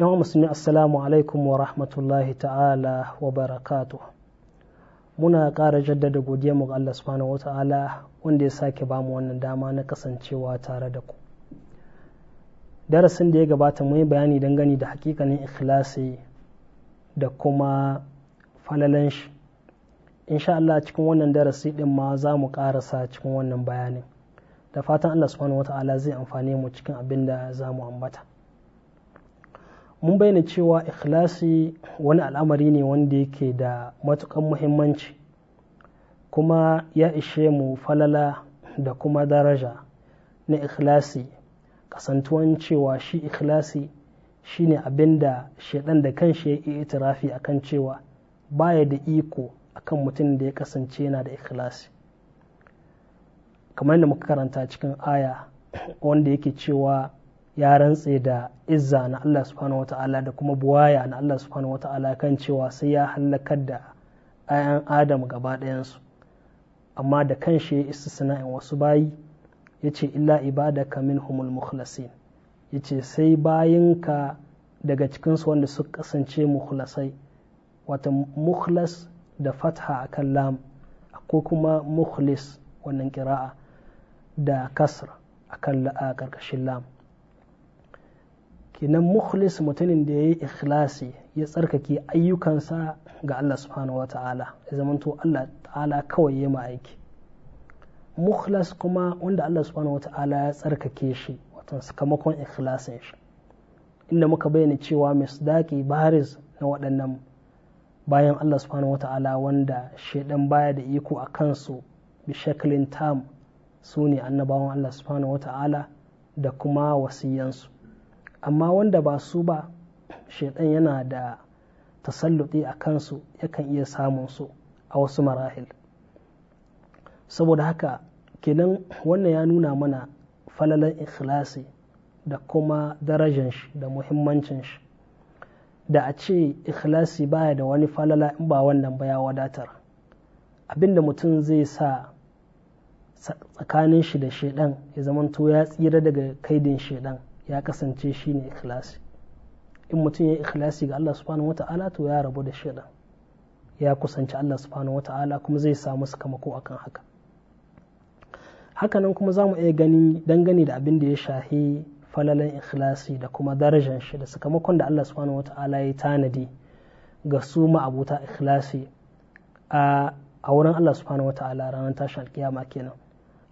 yan musulmi assalamu alaikum wa rahmatullahi ta'ala wa barakatu muna ƙara jaddada godiya mu ga Allah subhanahu wa ta'ala wanda ya sake ba mu wannan dama na kasancewa tare da ku darasin da ya gabata mu yi bayani dangane da hakikanin ikhlasi da kuma falalan shi insha Allah cikin wannan darasi din ma za mu ƙarasa cikin wannan bayanin da fatan Allah subhanahu wa ta'ala zai amfane mu cikin abin da za mu ambata mun bayyana cewa ikhlasi wani al'amari ne wanda yake da matukan muhimmanci kuma ya ishe mu falala da kuma daraja na ikhlasi kasantuwan cewa shi ikhlasi shine abin da shaidan da kanshi ya yi itirafi kan cewa baya da iko akan mutum da ya kasance yana da ikhlasi kamar da muka karanta cikin aya wanda yake cewa ya rantse da izza na Allah subhanahu ta'ala da kuma buwaya na Allah subhanahu ta'ala kan cewa sai ya hallakar da ayan adam gaba ɗayansu amma da kan shi ya sana'in wasu bayi ya ce illa ibada min humul mukhlasin ya ce sai ka daga cikinsu wanda suka kasance mukhlasai wata mukhlas da fatha a kan lam ko kuma mukhlis wannan kira'a da kasra a kan la'a ƙarƙashin lam kenan mukhlis mutumin da ya yi ikhlasi ya tsarkake ayyukansa ga Allah subhanahu wa ta'ala ya to Allah ta'ala kawai ya aiki mukhlas kuma wanda Allah subhanahu wa ta'ala ya tsarkake shi watan sakamakon ikhlasin shi inda muka bayyana cewa misdaki baris na waɗannan bayan Allah subhanahu wa ta'ala wanda shaidan baya da iko a kansu bi shaklin tam su annabawan Allah subhanahu wa ta'ala da kuma wasiyansu amma wanda ba su ba shaidan yana da tasalluɗi a kansu yakan iya samun su a wasu marahil saboda haka kenan wannan ya nuna mana falalan ikhlasi da kuma darajan shi da muhimmancin shi da a ce ikhlasi baya da wani falala in ba wannan ba ya wadatar abinda mutum zai sa tsakanin shi da shaidan ya zamanto ya tsira daga kaidin shaidan ya kasance shi ne ikhlasi in mutum ya yi ikhlasi ga Allah subhanahu wa ta'ala to ya rabu da shaidan ya kusanci Allah subhanahu wa ta'ala kuma zai samu sakamako akan haka hakanan kuma za mu iya gani dangane da abin da ya shahi falalan ikhlasi da kuma darajan shi da sakamakon da Allah subhanahu wa ta'ala ya tanadi ga su ma'abuta ikhlasi a wurin Allah subhanahu wa ta'ala ranar tashin alkiyama kenan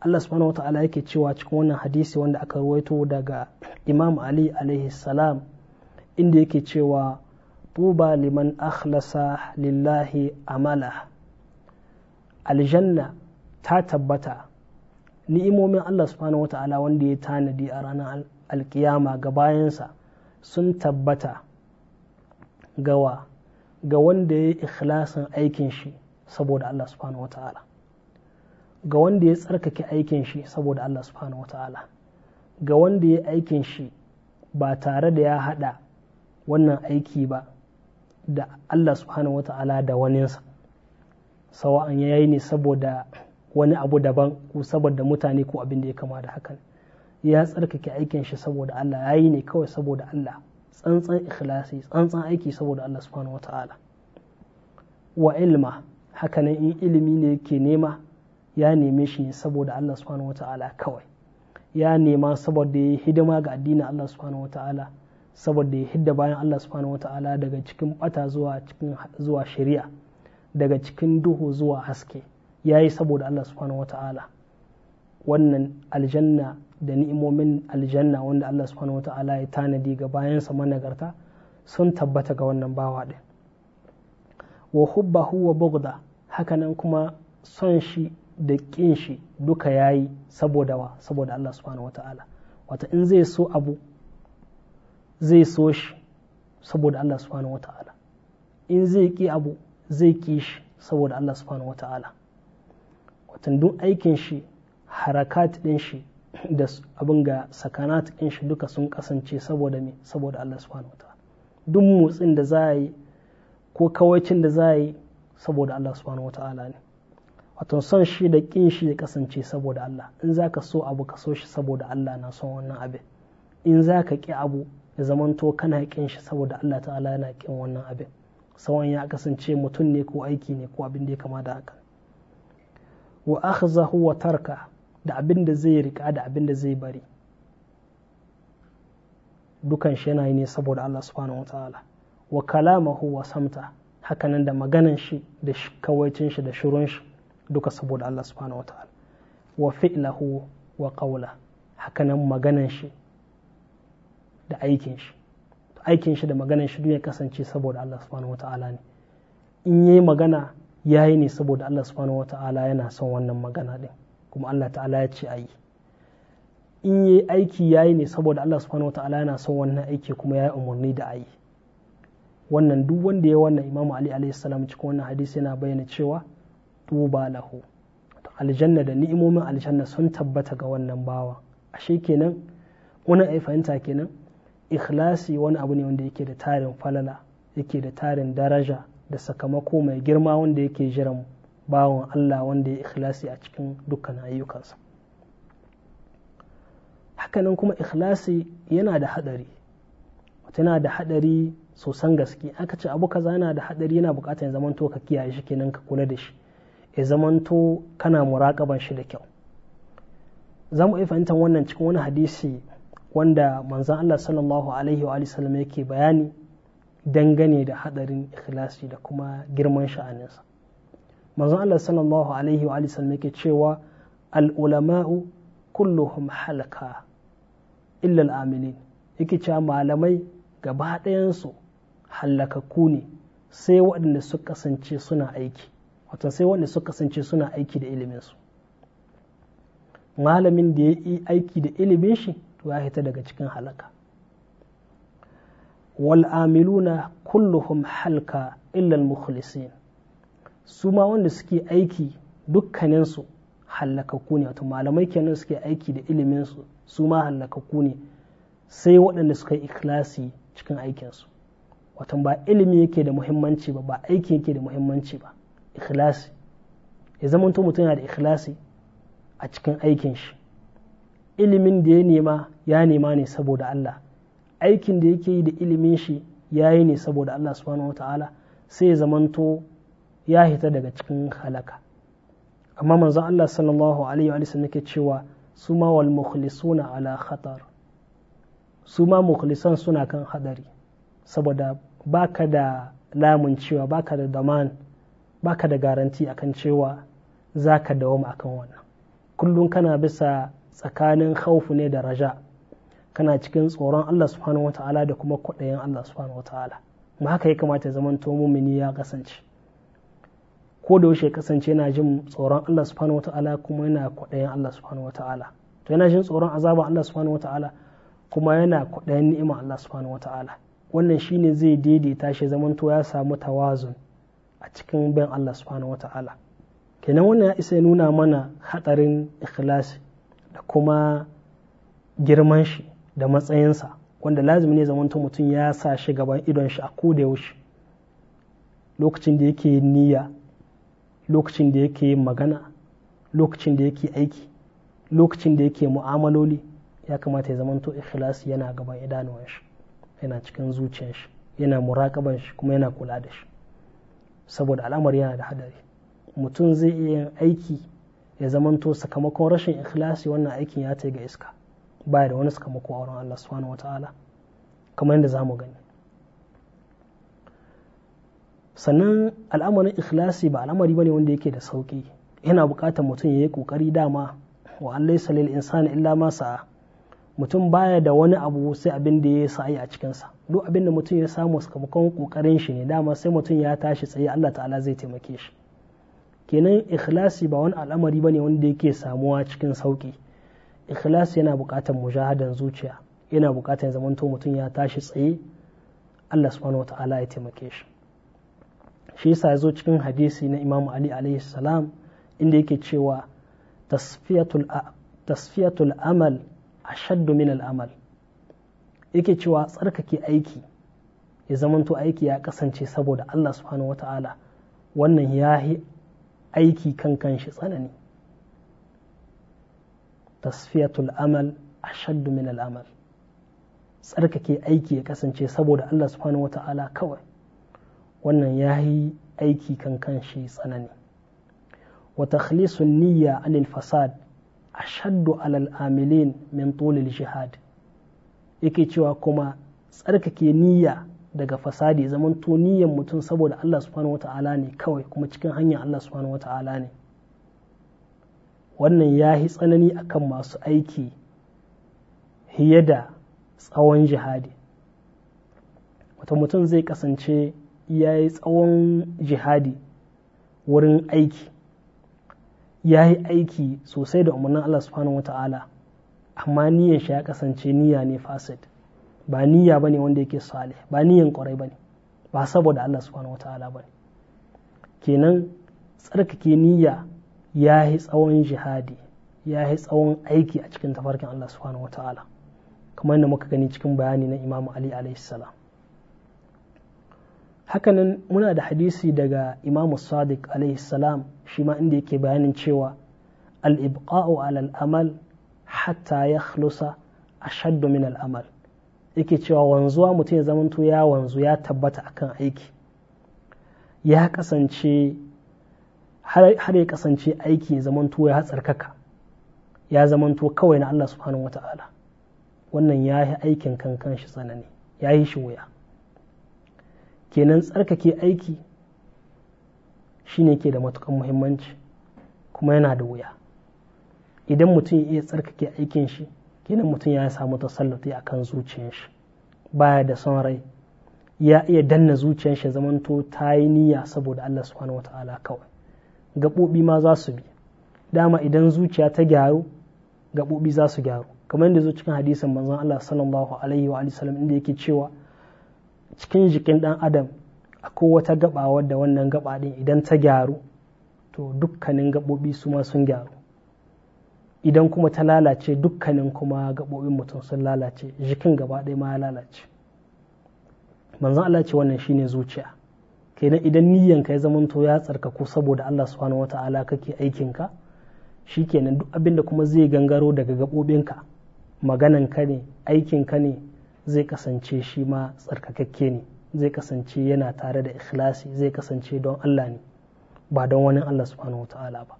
Allah subhanahu wata'ala yake cewa cikin wannan hadisi wanda aka ruwaito daga Imam Ali alaihi salam inda yake cewa tuba liman akhlasa lillahi amala aljanna ta tabbata ni'imomin Allah subhanahu wata'ala wanda ya tanadi a ranar alkiyama ga bayansa sun tabbata gawa ga wanda ya yi ikhlasin aikin shi saboda Allah subhanahu wata'ala ga wanda ya tsarkake aikin shi saboda Allah subhanahu wata'ala ga wanda ya aikin shi ba tare da ya hada wannan aiki ba da Allah subhanahu wata'ala da waninsa sawa'an ya yi ne saboda wani abu daban ko saboda mutane ko abin da ya kama da hakan ya tsarkake aikin shi saboda Allah ya yi ne kawai saboda Allah tsantsan ikhlasi tsantsan aiki saboda Allah subhanahu wata'ala wa ilma hakanan in ilimi ne ke nema ya neme shi ne saboda Allah subhanahu wata'ala kawai ya nema saboda ya hidima ga addinin Allah subhanahu wata'ala saboda ya hidda bayan Allah subhanahu wata'ala daga cikin bata zuwa cikin shari'a daga cikin duhu zuwa haske ya yi saboda Allah subhanahu wata'ala wannan aljanna da ni'imomin aljanna wanda Allah subhanahu wata'ala ya tanadi ga bayansa managarta sun tabbata ga wannan bawa din wa hubbahu wa bugda hakanan kuma son shi da kin shi duka yayi saboda wa saboda Allah subhanahu ta'ala wata in zai so abu zai so shi saboda Allah subhanahu ta'ala in zai ki abu zai ki shi saboda Allah subhanahu ta'ala watan duk aikin shi harakat din shi da abin ga sakanat din shi duka sun kasance saboda me saboda Allah subhanahu ta'ala duk motsin da za yi ko kawacin da za yi saboda Allah subhanahu ta'ala ne wato son shi da kin shi ya kasance saboda Allah in za ka so abu ka so shi saboda Allah na son wannan abin in za ka ƙi abu ya zamanto kana ƙin shi saboda Allah ta'ala yana ƙin wannan abin sawan ya kasance mutum ne ko aiki ne ko abin da ya kama da haka wa akhzahu wa tarka da abin da zai rika da abin da zai bari dukan shi yana yi ne saboda Allah subhanahu wataala wa kalamahu wa samta hakanan da maganan shi da kawaicin shi da shirun shi duka saboda Allah subhanahu wataala wa fi'lahu wa qawla hakanan maganan shi da aikin shi aikin shi da maganan shi duk ya kasance saboda Allah subhanahu wataala ne in yayi magana yayi ne saboda Allah subhanahu wataala yana son wannan magana din kuma Allah ta'ala ya ce ayi in yi aiki yayi ne saboda Allah subhanahu wataala yana son wannan aiki kuma yayi umarni da ayi wannan duk wanda ya wannan imamu ali alaihi salam cikin wannan hadisi yana bayyana cewa tuba lahu aljanna da ni'imomin aljanna sun tabbata ga wannan bawa ashe kenan muna ai fahimta kenan ikhlasi wani abu ne wanda yake da tarin falala yake da tarin daraja da sakamako mai girma wanda yake jiran bawan Allah wanda ya ikhlasi a cikin dukkan ayyukansa hakanan kuma ikhlasi yana da hadari yana da hadari sosan gaske aka ce abu kaza yana da hadari yana bukatar zaman to ka kiyaye shi kenan ka kula da shi ya zamanto kana muraƙaban shi da kyau za mu iya fahimtar wannan cikin wani hadisi wanda manzan Allah sallallahu alaihi wa sallam yake bayani dangane da hadarin ikhlasi da kuma girman sha'aninsa manzan Allah sallallahu alaihi wa sallam yake cewa al'ulama'u kulluhum halaka illa al'amilin yake cewa malamai gaba ɗayansu hallakakku ne sai waɗanda suka kasance suna aiki wata sai wanda suka kasance suna aiki da iliminsu malamin da ya yi aiki da ilimin shi to ya hita daga cikin halaka wal'amiluna kulluhum halka illal mukhlisin su ma wanda suke aiki dukkaninsu ku ne wato malamai kenan suke aiki da iliminsu su ma ku ne sai waɗanda suka yi ikilasi cikin aikinsu watan ba ilimi yake da muhimmanci ba ba aiki yake da muhimmanci ba ikhlasi ya zama mutum yana da ikhlasi a cikin aikin shi ilimin da ya nema ya nema ne saboda Allah aikin da yake yi da ilimin shi ya yi ne saboda Allah subhanahu wata'ala sai ya zamanto ya hita daga cikin halaka amma manzon Allah sallallahu alaihi wa sallam yake cewa su ma wal mukhlisuna ala khatar su ma mukhlisan suna kan hadari saboda baka da lamun cewa baka da daman baka da garanti akan cewa za ka dawoma akan wannan kullum kana bisa tsakanin haufu ne da raja kana cikin tsoron Allah subhanahu wata'ala da kuma kwaɗayin Allah subhanahu wata'ala ma haka ya kamata zaman to mumini ya kasance ko da yaushe kasance yana jin tsoron Allah subhanahu wata'ala kuma yana kwaɗayin Allah subhanahu wata'ala to yana jin tsoron azaba Allah subhanahu wata'ala kuma yana kwaɗayin ni'iman Allah subhanahu wata'ala wannan shine zai daidaita shi zaman to ya samu tawazun a cikin bin Allah subhanahu ta’ala. kenan wannan ya isa ya nuna mana hatsarin ikhlasi da kuma girman shi da matsayinsa wanda lazimi ne zamanta mutum ya sa shi gaban idon shi a koda yaushe lokacin da yake niyya lokacin da yake magana lokacin da yake aiki lokacin da yake mu'amaloli ya kamata ya zamanto ikhlasi yana gaban idanuwan shi yana cikin zuciyar shi yana muraƙaban shi kuma yana kula da shi saboda al'amari yana da hadari mutum zai iya yin aiki ya zamanto sakamakon rashin ikhlasi wannan aikin ya ta ga iska baya da wani sakamako a wurin Allah subhanahu wata'ala kamar yadda za mu gani sannan al'amarin ikhlasi ba al'amari ba ne wanda yake da sauki yana buƙatar mutum ya yi ƙoƙari dama wa Allah salil insani illa ma sa'a mutum baya da wani abu sai abin da ya sa a cikinsa duk abin da mutum ya samu sakamakon kokarin shi ne dama sai mutum ya tashi tsaye Allah ta'ala zai taimake shi kenan ikhlasi ba wani al'amari bane wanda yake samuwa cikin sauki ikhlasi yana buƙatar mujahadan zuciya yana buƙatar zamanto mutum ya tashi tsaye Allah subhanahu wata'ala ya taimake shi shi yasa ya zo cikin hadisi na Imam Ali alayhi salam inda yake cewa tasfiyatul amal ashaddu min al-amal yake cewa tsarkake aiki ya zamanto aiki ya kasance saboda Allah subhanahu wata'ala wannan ya yi aiki kan kanshi tsanani tasfiyatul amal ashaddu min al'amal tsarkake aiki ya kasance saboda Allah subhanahu wata'ala kawai wannan ya yi aiki kan kanshi tsanani wa takhlisun niyya anil fasad ashaddu alal amilin min tulil jihad yake cewa kuma tsarkake niyya daga fasadi zaman to niyyan mutum saboda Allah subhanahu ta'ala ne kawai kuma cikin hanyar Allah subhanahu ta'ala ne wannan ya yi tsanani akan masu aiki fiye da tsawon jihadi wata mutum zai kasance ya yi tsawon jihadi wurin aiki ya yi aiki sosai da umarnin Allah subhanahu ta'ala amma niyan shi ya kasance niyya ne fasid ba niyya ne wanda yake salih ba niyan kwarai bane ba saboda Allah subhanahu ba ne kenan tsarkake niyya ya yi tsawon jihadi ya yi tsawon aiki a cikin tafarkin Allah subhanahu kamar yadda muka gani cikin bayani na Imam Ali alaihi salam hakanan muna da hadisi daga imamu Sadiq alaihi salam shi ma inda yake bayanin cewa al-ibqa'u alal amal hatta ya khlusa ashaddu min al'amal yake cewa wanzuwa mutum ya zamanto ya wanzu ya tabbata akan aiki ya kasance har ya kasance aiki ya zamanto ya tsarkaka ya zamanto kawai na Allah subhanahu wata'ala wannan ya yi aikin kankan shi tsanani ya yi shi wuya kenan tsarkake aiki shine ke da matukan muhimmanci kuma yana da wuya idan mutum ya tsarkake aikin shi kenan mutum ya samu tasallati a kan zuciyar shi baya da son rai ya iya danna zuciyar shi zamanto ta yi niyya saboda Allah subhanahu wataala kawai gaɓoɓi ma za su bi dama idan zuciya ta gyaru gaɓoɓi za su gyaru kamar yadda zo cikin hadisin manzon Allah sallallahu alaihi wa sallam inda yake cewa cikin jikin dan adam akwai wata gaba wadda wannan gaba din idan ta gyaru to dukkanin gaɓoɓi su ma sun gyaru idan kuma ta lalace dukkanin kuma gaɓoɓin mutum sun lalace jikin gaba ɗaya ma ya lalace manzon Allah ce wannan shine zuciya kenan idan niyyan ka ya zamanto ya tsarkaku saboda Allah subhanahu wata'ala kake aikinka shikenan duk abin da kuma zai gangaro daga gaɓoɓinka magananka ne ka ne zai kasance shi ma tsarkakakke ne zai kasance yana tare da ikhlasi zai kasance don Allah ne ba don wani Allah subhanahu wata'ala ba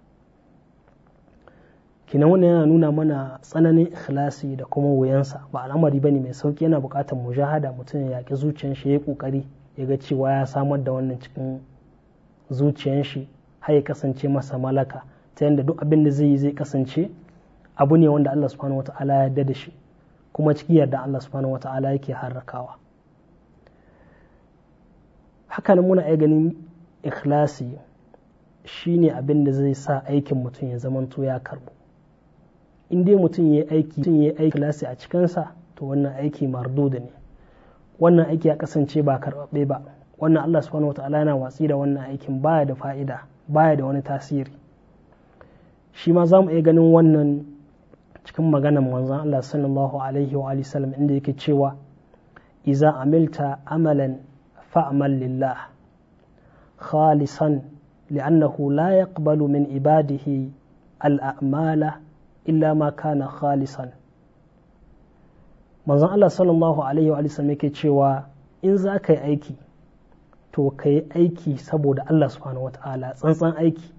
kinan wannan yana nuna mana tsananin ikhlasi da kuma wuyansa ba al'amari bane mai sauki yana buƙatar mujahada mutum ya yaƙi zuciyar shi ya kokari ya ga cewa ya samar da wannan cikin zuciyar shi har ya kasance masa malaka ta yadda duk abin da zai yi zai kasance abu ne wanda Allah subhanahu wata'ala ya yarda da shi kuma cikin yarda Allah subhanahu wata'ala yake harrakawa haka nan muna iya ganin ikhlasi shine abin da zai sa aikin mutum ya zamanto ya karbu in dai mutum ya aiki mutum ya aiki lasi a cikinsa to wannan aiki marduda ne wannan aiki ya kasance ba karɓaɓɓe ba wannan Allah subhanahu wataala yana watsi da wannan aikin baya da fa'ida baya da wani tasiri shi ma za mu iya ganin wannan cikin maganar manzon Allah sallallahu alaihi wa sallam inda yake cewa iza amilta amalan fa'mal lillah khalisan li'annahu la yaqbalu min ibadihi al amala illa ma kana khalisan manzon Allah sallallahu alaihi wa sallam yake cewa in za ka yi aiki to ka yi aiki saboda Allah subhanahu wa ta'ala tsantsan aiki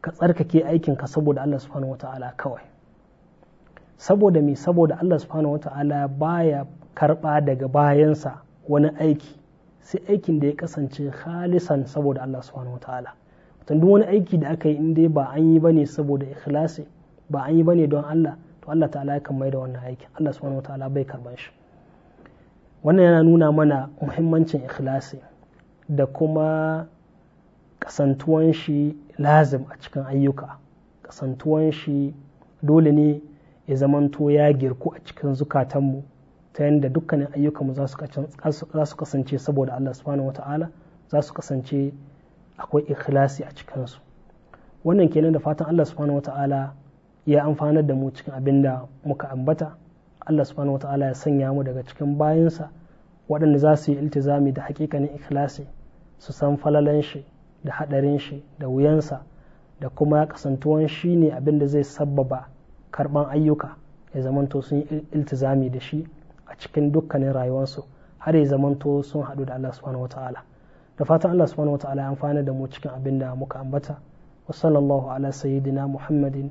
ka tsarkake aikinka saboda Allah subhanahu wa ta'ala kawai saboda me saboda Allah subhanahu wa ta'ala baya karba daga bayansa wani aiki sai aikin da ya kasance khalisan saboda Allah subhanahu wa ta'ala duk wani aiki da aka yi in dai ba an yi bane saboda ikhlasi ba an yi ba ne don Allah to Allah ta'ala ya kan mai da wannan aikin Allah subhanahu ta'ala bai karban shi wannan yana nuna mana muhimmancin ikhlasi da kuma kasantuwan shi lazim a cikin ayyuka kasantuwan shi dole ne ya zamanto ya girku a cikin zukatanmu ta yadda dukkanin ayyukanmu za su kasance saboda Allah subhanahu wa ala. za su kasance akwai ikhlasi a cikinsu wannan kenan da fatan Allah subhanahu wa ta'ala ya amfanar da mu cikin abin da muka ambata Allah subhanahu wa ta'ala ya sanya mu daga cikin bayansa waɗanda za su yi iltizami da hakikanin ikhlasi su san falalan shi da haɗarin shi da wuyansa da kuma kasantuwan shi ne abin da zai sabbaba karɓan ayyuka ya zamanto sun yi iltizami da shi a cikin dukkanin rayuwarsu har ya zamanto sun haɗu da Allah subhanahu wa ta'ala da fatan Allah subhanahu wa ta'ala ya amfana da mu cikin abin da muka ambata wa sallallahu ala sayyidina muhammadin